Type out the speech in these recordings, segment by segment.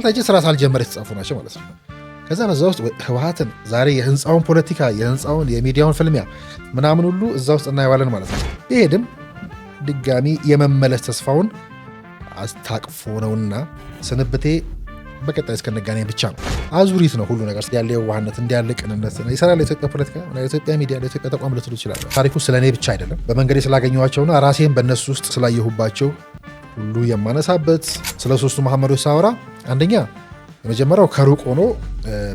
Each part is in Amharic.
ማለት ስራ ሳልጀመር የተጻፉ ናቸው ማለት ነው። ከዛ በዛ ውስጥ ህወሓትን ዛሬ የህንፃውን ፖለቲካ የህንፃውን የሚዲያውን ፍልሚያ ምናምን ሁሉ እዛ ውስጥ እናየዋለን ማለት ነው። ይሄድም ድጋሚ የመመለስ ተስፋውን አስታቅፎ ነውና ስንብቴ በቀጣይ እስከነጋኔ ብቻ ነው። አዙሪት ነው ሁሉ ነገር ያለ የዋህነት እንዲያለ ቅንነት ይሰራል። ለኢትዮጵያ ፖለቲካ፣ ለኢትዮጵያ ሚዲያ፣ ለኢትዮጵያ ተቋም ልትሉ ይችላለ። ታሪኩ ስለ እኔ ብቻ አይደለም። በመንገዴ ስላገኘኋቸውና ራሴን በእነሱ ውስጥ ስላየሁባቸው ሁሉ የማነሳበት ስለ ሶስቱ መሐመዶች ሳወራ አንደኛ የመጀመሪያው ከሩቅ ሆኖ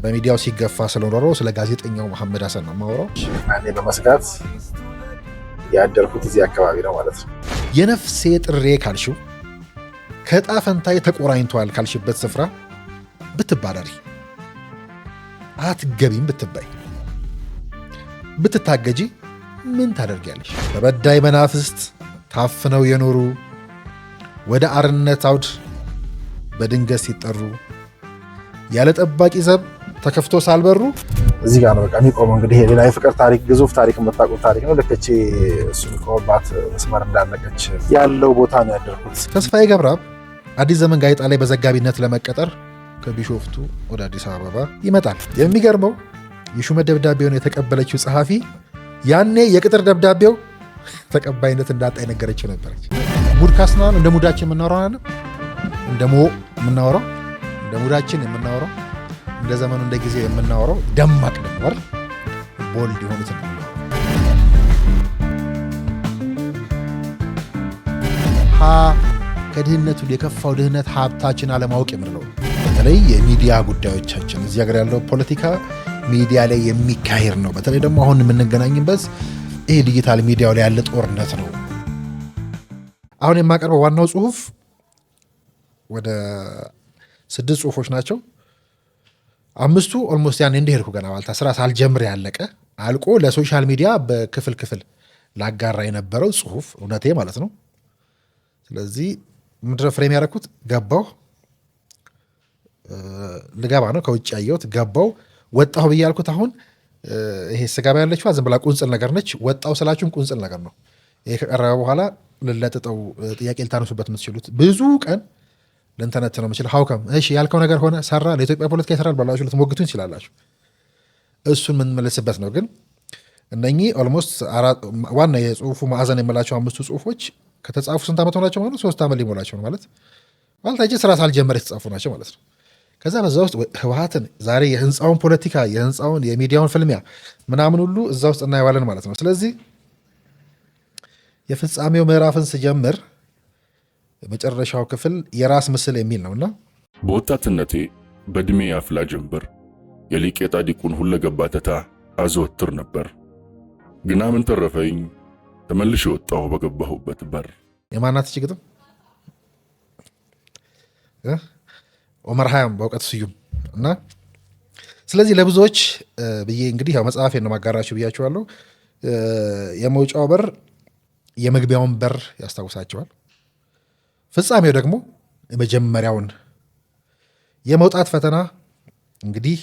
በሚዲያው ሲገፋ ስለኖረው ስለ ጋዜጠኛው መሐመድ ሀሰን ነው የማወራው። እኔ በመስጋት ያደርኩት እዚህ አካባቢ ነው ማለት ነው። የነፍሴ ጥሬ ካልሽው ከጣፈንታይ ተቆራኝቷል ካልሽበት ስፍራ ብትባረሪ አትገቢም ብትባይ ብትታገጂ ምን ታደርጊያለሽ? በበዳይ መናፍስት ታፍነው የኖሩ ወደ አርነት አውድ በድንገት ሲጠሩ ያለ ጠባቂ ዘብ ተከፍቶ ሳልበሩ እዚህ ጋር ነው በቃ የሚቆመው። እንግዲህ ሌላ የፍቅር ታሪክ ግዙፍ ታሪክ የምታውቁት ታሪክ ነው። ልክ እሱ ቆመባት መስመር እንዳለቀች ያለው ቦታ ነው ያደርኩት። ተስፋዬ ገብረአብ አዲስ ዘመን ጋዜጣ ላይ በዘጋቢነት ለመቀጠር ከቢሾፍቱ ወደ አዲስ አበባ ይመጣል። የሚገርመው የሹመት ደብዳቤውን የተቀበለችው ጸሐፊ ያኔ የቅጥር ደብዳቤው ተቀባይነት እንዳጣ የነገረችው ነበረች። ሙድ ካስናን እንደ ሙዳችን የምናወራው እንደ ሞ የምናወራው እንደ ሙዳችን የምናወራው እንደ ዘመኑ እንደ ጊዜ የምናወራው ደማቅ ደንበር ቦልድ ነው ሀ ከድህነቱ የከፋው ድህነት ሀብታችን አለማወቅ የምንለው በተለይ የሚዲያ ጉዳዮቻችን እዚህ ሀገር ያለው ፖለቲካ ሚዲያ ላይ የሚካሄድ ነው። በተለይ ደግሞ አሁን የምንገናኝበት ይህ ዲጂታል ሚዲያው ላይ ያለ ጦርነት ነው። አሁን የማቀርበው ዋናው ጽሁፍ ወደ ስድስት ጽሁፎች ናቸው። አምስቱ ኦልሞስት ያን እንደሄድኩ ገና ባልታ ስራ ሳልጀምር ያለቀ አልቆ ለሶሻል ሚዲያ በክፍል ክፍል ላጋራ የነበረው ጽሁፍ እውነቴ ማለት ነው። ስለዚህ ምድረ ፍሬም ያደረኩት ገባሁ፣ ልገባ ነው ከውጭ ያየሁት ገባሁ፣ ወጣሁ ብዬ ያልኩት አሁን ይሄ ስጋባ ያለችዋ ዝም ብላ ቁንጽል ነገር ነች። ወጣው ስላችሁም ቁንጽል ነገር ነው። ይሄ ከቀረበ በኋላ ልለጥጠው ጥያቄ ልታነሱበት የምትችሉት ብዙ ቀን ልንተነት ነው ምችል ሀውከም እሺ ያልከው ነገር ሆነ ሰራ ለኢትዮጵያ ፖለቲካ ይሰራል ባላችሁ ልትሞግቱ ይችላላችሁ። እሱን የምንመለስበት ነው። ግን እነኚህ ኦልሞስት ዋና የጽሁፉ ማዕዘን የምላቸው አምስቱ ጽሁፎች ከተጻፉ ስንት ዓመት ሆናቸው ማለት ሶስት ዓመት ሊሞላቸው ነው ማለት ማለት ስራ ሳልጀመር የተጻፉ ናቸው ማለት ነው። ከዛ በዛ ውስጥ ህወሀትን ዛሬ የህንፃውን ፖለቲካ የህንፃውን የሚዲያውን ፍልሚያ ምናምን ሁሉ እዛ ውስጥ እናየዋለን ማለት ነው። ስለዚህ የፍጻሜው ምዕራፍን ስጀምር መጨረሻው ክፍል የራስ ምስል የሚል ነውና በወጣትነቴ በእድሜ አፍላ ጀንበር የሊቄ ጣዲቁን ሁለገባ ተታ አዘወትር ነበር። ግና ምን ተረፈኝ ተመልሼ ወጣሁ በገባሁበት በር። የማናት እች ግጥም? ኦመር ሀያም በእውቀት ስዩም እና ስለዚህ ለብዙዎች ብዬ እንግዲህ ያው መጽሐፌን ነው ማጋራችሁ ብያችኋለሁ። የመውጫው በር የመግቢያውን በር ያስታውሳቸዋል። ፍጻሜው ደግሞ የመጀመሪያውን የመውጣት ፈተና እንግዲህ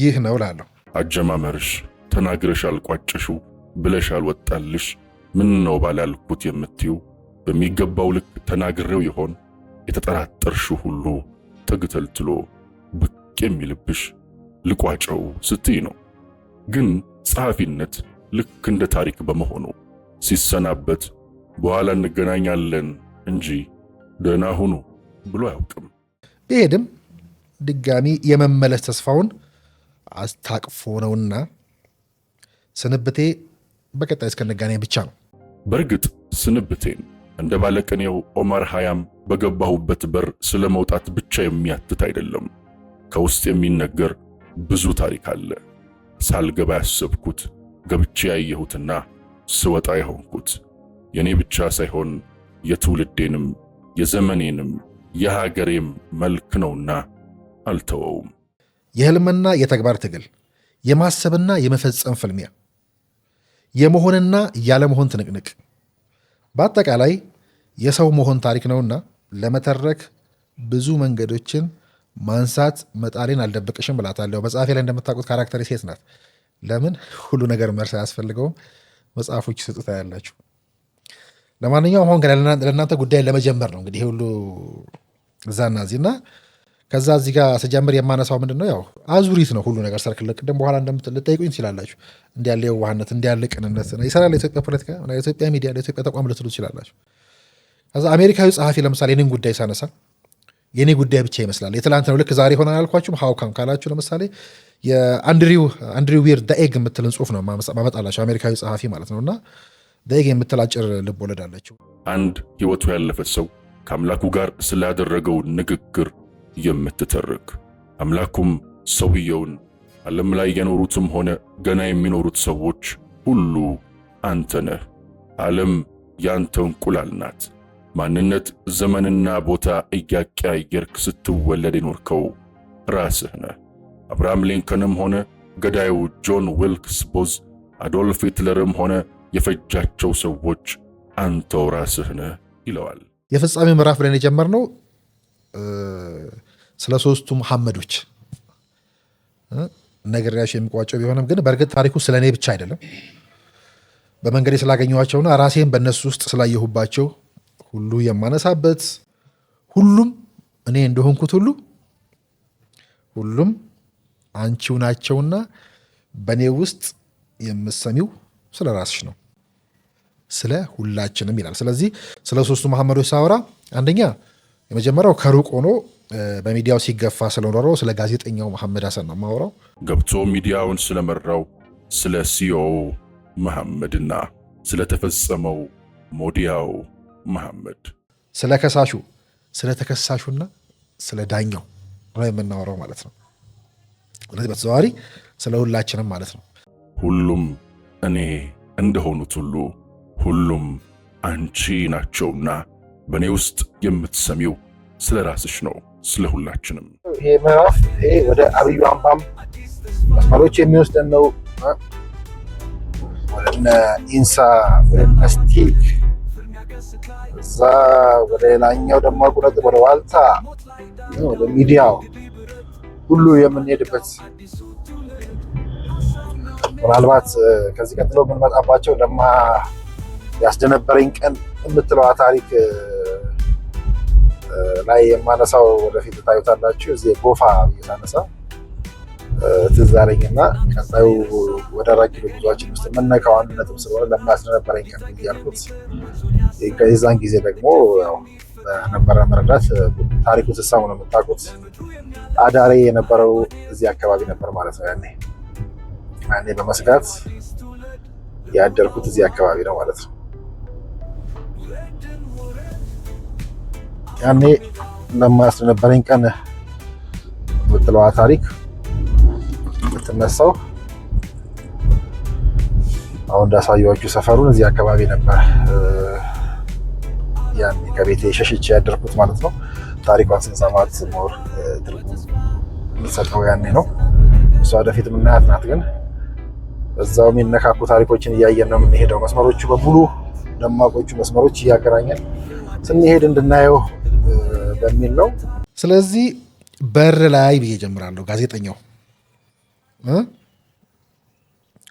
ይህ ነው ላለሁ። አጀማመርሽ ተናግረሽ አልቋጨሽው ብለሽ አልወጣልሽ ምን ነው ባላልኩት የምትዩ በሚገባው ልክ ተናግሬው ይሆን የተጠራጠርሽው ሁሉ ተግተልትሎ ብቅ የሚልብሽ ልቋጨው ስትይ ነው። ግን ጸሐፊነት ልክ እንደ ታሪክ በመሆኑ ሲሰናበት በኋላ እንገናኛለን እንጂ ደህና ሁኑ ብሎ አያውቅም። ቢሄድም ድጋሚ የመመለስ ተስፋውን አስታቅፎ ነውና ስንብቴ በቀጣይ እስከነጋኔ ብቻ ነው። በእርግጥ ስንብቴን እንደ ባለቅኔው ኦማር ሀያም በገባሁበት በር ስለ መውጣት ብቻ የሚያትት አይደለም። ከውስጥ የሚነገር ብዙ ታሪክ አለ። ሳልገባ ያሰብኩት ገብቼ ያየሁትና ስወጣ የሆንኩት የእኔ ብቻ ሳይሆን የትውልዴንም የዘመኔንም የሀገሬም መልክ ነውና አልተወውም። የህልምና የተግባር ትግል፣ የማሰብና የመፈጸም ፍልሚያ፣ የመሆንና ያለመሆን ትንቅንቅ፣ በአጠቃላይ የሰው መሆን ታሪክ ነውና ለመተረክ ብዙ መንገዶችን ማንሳት መጣሌን አልደብቅሽም ብላታለሁ። መጽሐፌ ላይ እንደምታውቁት ካራክተር ሴት ናት። ለምን ሁሉ ነገር መርስ አያስፈልገውም? መጽሐፎች ስጥታ ያላችሁ ለማንኛውም አሁን ገና ለእናንተ ጉዳይ ለመጀመር ነው እንግዲህ ሁሉ እዛና እዚህ እና ከዛ እዚህ ጋር ስጀምር የማነሳው ምንድን ነው ያው አዙሪት ነው ሁሉ ነገር ሰርክል። ቅድም በኋላ ልጠይቁኝ ትችላላችሁ፣ እንዲያለ የዋህነት እንዲያለ ቅንነት ይሰራል ለኢትዮጵያ ፖለቲካ፣ ኢትዮጵያ ሚዲያ፣ ለኢትዮጵያ ተቋም ልትሉ ትችላላችሁ። ከዛ አሜሪካዊ ጸሐፊ ለምሳሌ የኔን ጉዳይ ሳነሳ የእኔ ጉዳይ ብቻ ይመስላል የትላንት ነው ልክ ዛሬ ሆነ ያልኳችሁም ሀውካም ካላችሁ ለምሳሌ የአንድሪው ዊር ዳኤግ የምትልን ጽሁፍ ነው ማመጣላቸው አሜሪካዊ ጸሐፊ ማለት ነው እና ዘይግ የምትል አጭር ልብ ወለድ አለችው። አንድ ህይወቱ ያለፈ ሰው ከአምላኩ ጋር ስላደረገው ንግግር የምትተርክ አምላኩም ሰውየውን ዓለም ላይ የኖሩትም ሆነ ገና የሚኖሩት ሰዎች ሁሉ አንተ ነህ። ዓለም ያንተ እንቁላል ናት። ማንነት፣ ዘመንና ቦታ እያቀያየርክ ስትወለድ የኖርከው ራስህ ነህ። አብርሃም ሊንከንም ሆነ ገዳዩ ጆን ዊልክስ ቦዝ፣ አዶልፍ ሂትለርም ሆነ የፈጃቸው ሰዎች አንተው ራስህ ነህ ይለዋል። የፍጻሜ ምዕራፍ ብለን የጀመርነው ስለ ሶስቱ መሐመዶች ነገርያሽ የሚቋጨው ቢሆንም ግን በእርግጥ ታሪኩ ስለ እኔ ብቻ አይደለም። በመንገድ ስላገኘኋቸውና ራሴን በእነሱ ውስጥ ስላየሁባቸው ሁሉ የማነሳበት ሁሉም እኔ እንደሆንኩት ሁሉ ሁሉም አንቺው ናቸውና በእኔ ውስጥ የምሰሚው ስለ ራስሽ ነው። ስለ ሁላችንም ይላል። ስለዚህ ስለ ሶስቱ መሐመዶች ሳወራ አንደኛ የመጀመሪያው ከሩቅ ሆኖ በሚዲያው ሲገፋ ስለኖረው ስለ ጋዜጠኛው መሐመድ ሀሰን ነው የማወራው። ገብቶ ሚዲያውን ስለመራው ስለ ሲዮ መሐመድና ስለተፈጸመው ሞዲያው መሐመድ፣ ስለ ከሳሹ ስለ ተከሳሹና ስለ ዳኛው ነው የምናወራው ማለት ነው። ስለዚህ በተዘዋዋሪ ስለ ሁላችንም ማለት ነው። ሁሉም እኔ እንደሆኑት ሁሉ ሁሉም አንቺ ናቸውና በእኔ ውስጥ የምትሰሚው ስለ ራስሽ ነው፣ ስለ ሁላችንም። ይሄ ምዕራፍ ይሄ ወደ አብዩ አምባም መስመሮች የሚወስደን ነው። ወደነ ኢንሳ ወደነ ስቲክ እዛ ወደ ላኛው ደግሞ ቁረጥ ወደ ዋልታ ወደ ሚዲያው ሁሉ የምንሄድበት ምናልባት ከዚህ ቀጥሎ የምንመጣባቸው ደማ ያስደነበረኝ ቀን የምትለዋ ታሪክ ላይ የማነሳው ወደፊት ታዩታላችሁ። እዚህ ጎፋ ሳነሳ ትዝ አለኝ እና ቀጣዩ ወደ አራት ኪሎ ጉዟችን ውስጥ የምነካው አንድ ነጥብ ስለሆነ ለማያስደነበረኝ ቀን ያልኩት የዛን ጊዜ ደግሞ ነበረ መረዳት ታሪኩ ትሳሙ ነው የምታውቁት። አዳሬ የነበረው እዚህ አካባቢ ነበር ማለት ነው። ያኔ ያኔ በመስጋት ያደርኩት እዚህ አካባቢ ነው ማለት ነው። ያኔ ለማ ስለነበረኝ ቀን የምትለዋ ታሪክ የምትነሳው አሁን እንዳሳየኋችሁ ሰፈሩን እዚህ አካባቢ ነበር ያኔ ከቤቴ ሸሽቼ ያደርኩት ማለት ነው። ታሪኳን ስንሰማት ሞር ትርጉም ያኔ ነው። እሷ ወደፊት የምናያት ናት። ግን እዛው የሚነካኩ ታሪኮችን እያየን ነው የምንሄደው። መስመሮቹ በሙሉ ደማቆቹ መስመሮች እያገናኘን ስንሄድ እንድናየው በሚል ነው። ስለዚህ በር ላይ ብዬ ጀምራለሁ። ጋዜጠኛው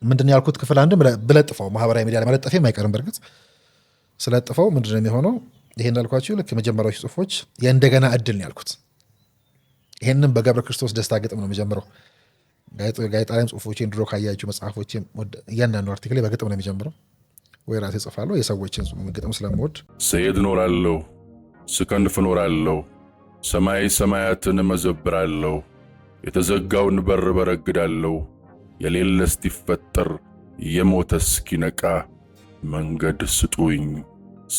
ምንድን ነው ያልኩት? ክፍል አንድ ብለጥፈው ማህበራዊ ሚዲያ ለመለጠፌም የማይቀርም በእርግጥ ስለጥፈው ምንድን ነው የሚሆነው? ይሄ እንዳልኳቸው ልክ የመጀመሪያዎቹ ጽሁፎች የእንደገና እድል ነው ያልኩት። ይህንም በገብረ ክርስቶስ ደስታ ግጥም ነው የሚጀምረው ጋዜጣ ላይም ድሮ ካያችሁ መጽሐፎቼ እያንዳንዱ አርቲክል በግጥም ነው የሚጀምረው። ወይ ራሴ ጽፋለሁ። የሰዎችን ምግጥም ስለምወድ ስሄድ እኖራለሁ፣ ስከንፍ እኖራለሁ፣ ሰማይ ሰማያትን መዘብራለሁ፣ የተዘጋውን በር በረግዳለሁ፣ የሌለ እስቲፈጠር የሞተ እስኪነቃ መንገድ ስጡኝ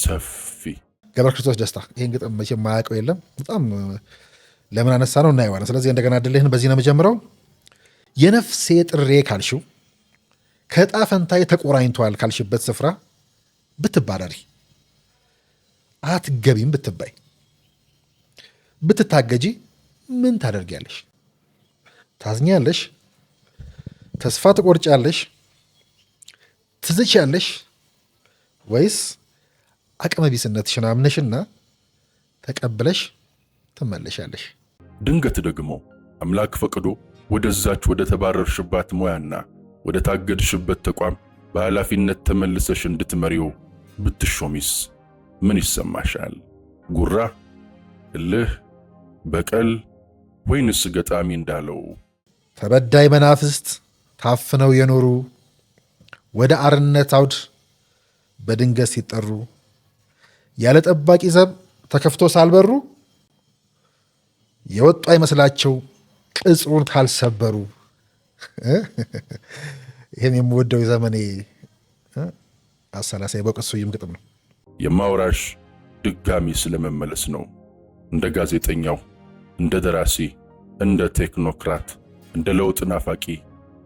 ሰፊ። ገብረ ክርስቶስ ደስታ ይህን ግጥም መቼ የማያውቀው የለም። በጣም ለምን አነሳ ነው እናየዋለን። ስለዚህ እንደገና ድልህን በዚህ ነው የምጀምረው። የነፍሴ ጥሬ ካልሽው ከዕጣ ፈንታዬ ተቆራኝተዋል ካልሽበት ስፍራ ብትባረሪ አትገቢም ብትባይ ብትታገጂ ምን ታደርጊያለሽ? ታዝኛለሽ፣ ተስፋ ትቆርጫለሽ፣ ትዝቻለሽ ወይስ አቅመቢስነትሽን አምነሽና ተቀብለሽ ትመለሻለሽ? ድንገት ደግሞ አምላክ ፈቅዶ ወደዛች ወደ ተባረርሽባት ሙያና ወደ ታገድሽበት ተቋም በኃላፊነት ተመልሰሽ እንድትመሪው ብትሾሚስ ምን ይሰማሻል? ጉራ፣ እልህ፣ በቀል ወይንስ ገጣሚ እንዳለው ተበዳይ መናፍስት ታፍነው የኖሩ ወደ አርነት አውድ በድንገት ሲጠሩ ያለ ጠባቂ ዘብ ተከፍቶ ሳልበሩ የወጡ አይመስላቸው ቅጽሩን ካልሰበሩ ይህን የምወደው የዘመኔ አሰላሳይ በውቀት ስዩም ግጥም ነው። የማውራሽ ድጋሚ ስለመመለስ ነው። እንደ ጋዜጠኛው፣ እንደ ደራሲ፣ እንደ ቴክኖክራት፣ እንደ ለውጥ ናፋቂ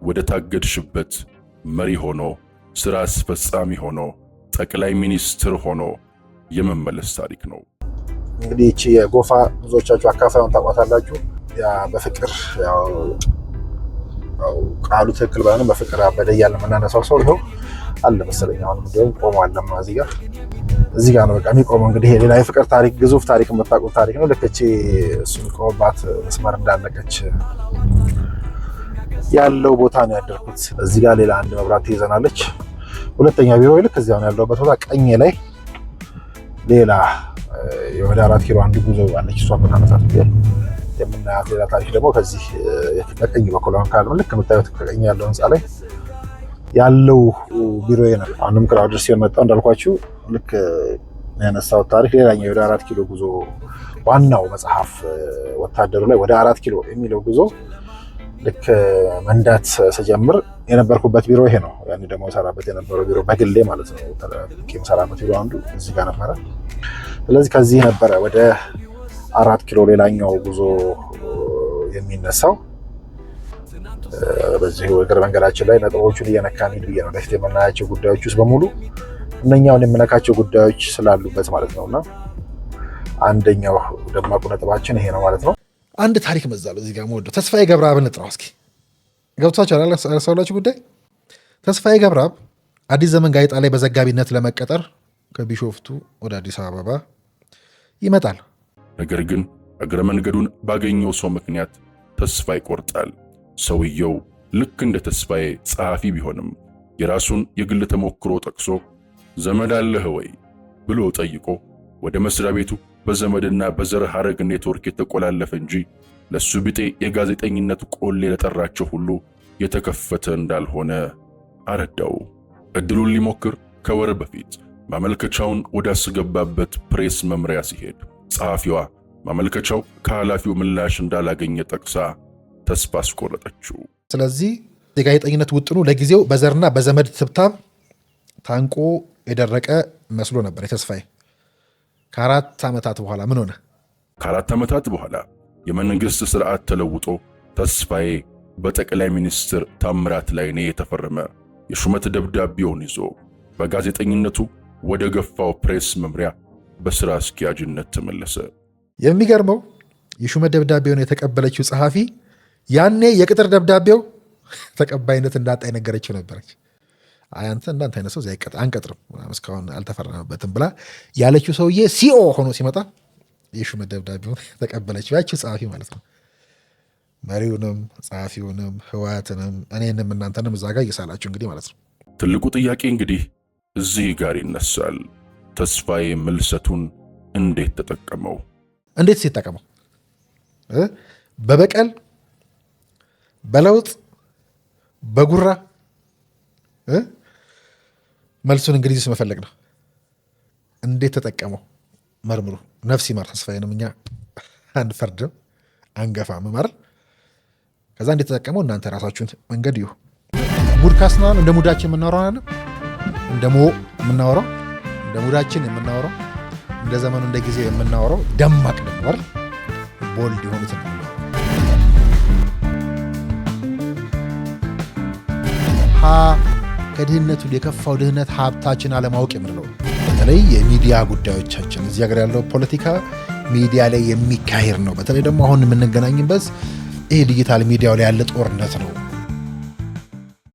ወደ ታገድሽበት መሪ ሆኖ ስራ አስፈጻሚ ሆኖ ጠቅላይ ሚኒስትር ሆኖ የመመለስ ታሪክ ነው። እንግዲህ ይቺ የጎፋ ብዙዎቻችሁ አካፋዩን ታውቋታላችሁ። በፍቅር ቃሉ ትክክል ባይሆንም በፍቅር አበደ እያለ የምናነሳው ሰው ይኸው አለ መሰለኝ። አሁን እንዲሁም ቆሞ እዚህ ጋር እዚህ ጋር ነው በቃ የሚቆመው። እንግዲህ የሌላ የፍቅር ታሪክ ግዙፍ ታሪክ የምታውቁት ታሪክ ነው። ልክ እሱ የሚቆመባት መስመር እንዳለቀች ያለው ቦታ ነው ያደርኩት። እዚህ ጋር ሌላ አንድ መብራት ትይዘናለች። ሁለተኛ ቢሮ ልክ እዚያ ነው ያለውበት ቦታ ቀኝ ላይ ሌላ የወደ አራት ኪሎ አንድ ጉዞ አለች። እሷ ምናነሳት የምናያት ሌላ ታሪክ ደግሞ ከዚህ በቀኝ በኩል አሁን ካለ ልክ የምታዩት ከቀኝ ያለው ህንፃ ላይ ያለው ቢሮ ነው። አሁንም ክላውደር ሲሆን መጣው እንዳልኳችሁ ልክ ያነሳሁት ታሪክ ሌላኛው ወደ አራት ኪሎ ጉዞ ዋናው መጽሐፍ ወታደሩ ላይ ወደ አራት ኪሎ የሚለው ጉዞ ልክ መንዳት ስጀምር የነበርኩበት ቢሮ ይሄ ነው። ያኔ ደግሞ ሰራበት የነበረው ቢሮ በግሌ ማለት ነው። ሰራበት ቢሮ አንዱ እዚህ ጋር ነበረ። ስለዚህ ከዚህ ነበረ ወደ አራት ኪሎ ሌላኛው ጉዞ የሚነሳው በዚህ እግረ መንገዳችን ላይ ነጥቦቹን እየነካን ሄድ ብዬ ነው። ለፊት የምናያቸው ጉዳዮች ውስጥ በሙሉ እነኛውን የምነካቸው ጉዳዮች ስላሉበት ማለት ነው። እና አንደኛው ደማቁ ነጥባችን ይሄ ነው ማለት ነው። አንድ ታሪክ መዛለሁ እዚህ ጋር መወደው ተስፋዬ ገብረአብን ጥራው እስኪ ገብቷቸው ያላሰብላችሁ ጉዳይ ተስፋዬ ገብረአብ አዲስ ዘመን ጋዜጣ ላይ በዘጋቢነት ለመቀጠር ከቢሾፍቱ ወደ አዲስ አበባ ይመጣል። ነገር ግን እግረ መንገዱን ባገኘው ሰው ምክንያት ተስፋ ይቆርጣል። ሰውየው ልክ እንደ ተስፋዬ ጸሐፊ ቢሆንም የራሱን የግል ተሞክሮ ጠቅሶ ዘመድ አለህ ወይ ብሎ ጠይቆ ወደ መስሪያ ቤቱ በዘመድና በዘር ሐረግ ኔትወርክ የተቆላለፈ እንጂ ለሱ ቢጤ የጋዜጠኝነት ቆሌ ለጠራቸው ሁሉ የተከፈተ እንዳልሆነ አረዳው። እድሉን ሊሞክር ከወር በፊት ማመልከቻውን ወዳስገባበት ፕሬስ መምሪያ ሲሄድ ጸሐፊዋ ማመልከቻው ከኃላፊው ምላሽ እንዳላገኘ ጠቅሳ ተስፋ አስቆረጠችው። ስለዚህ የጋዜጠኝነት ውጥኑ ለጊዜው በዘርና በዘመድ ትብታብ ታንቆ የደረቀ መስሎ ነበር። የተስፋዬ ከአራት ዓመታት በኋላ ምን ሆነ? ከአራት ዓመታት በኋላ የመንግሥት ሥርዓት ተለውጦ ተስፋዬ በጠቅላይ ሚኒስትር ታምራት ላይኔ የተፈረመ የሹመት ደብዳቤውን ይዞ በጋዜጠኝነቱ ወደ ገፋው ፕሬስ መምሪያ በስራ አስኪያጅነት ተመለሰ። የሚገርመው የሹመት ደብዳቤውን የተቀበለችው ጸሐፊ ያኔ የቅጥር ደብዳቤው ተቀባይነት እንዳጣ የነገረችው ነበረች። አንተ እንዳንተ አይነት ሰው አንቀጥርም፣ እስካሁን አልተፈረመበትም ብላ ያለችው ሰውዬ ሲኦ ሆኖ ሲመጣ የሹመት ደብዳቤውን ተቀበለችው ያችው ጸሐፊ ማለት ነው። መሪውንም ጸሐፊውንም ህወሓትንም እኔንም እናንተንም እዛ ጋር እየሳላችሁ እንግዲህ ማለት ነው። ትልቁ ጥያቄ እንግዲህ እዚህ ጋር ይነሳል። ተስፋዬ ምልሰቱን እንዴት ተጠቀመው? እንዴት ሲጠቀመው? በበቀል በለውጥ በጉራ መልሱን እንግዲህ ስ መፈለግ ነው። እንዴት ተጠቀመው? መርምሩ። ነፍስ ይማር ነው። እኛ አንፈርድም አንገፋም አይደል? ከዛ እንዴት ተጠቀመው? እናንተ ራሳችሁን መንገድ ይሁ ሙድካስናን እንደ ሙዳችን የምናወራው እንደ የምናወራው ለሙዳችን የምናወራው እንደ ዘመኑ እንደ ጊዜ የምናወራው ደማቅ ድንበር ቦልድ የሆኑትን ሀ ከድህነቱ የከፋው ድህነት ሀብታችን አለማወቅ የምንለው በተለይ የሚዲያ ጉዳዮቻችን እዚህ ሀገር ያለው ፖለቲካ ሚዲያ ላይ የሚካሄድ ነው። በተለይ ደግሞ አሁን የምንገናኝበት ይሄ ዲጂታል ሚዲያው ላይ ያለ ጦርነት ነው።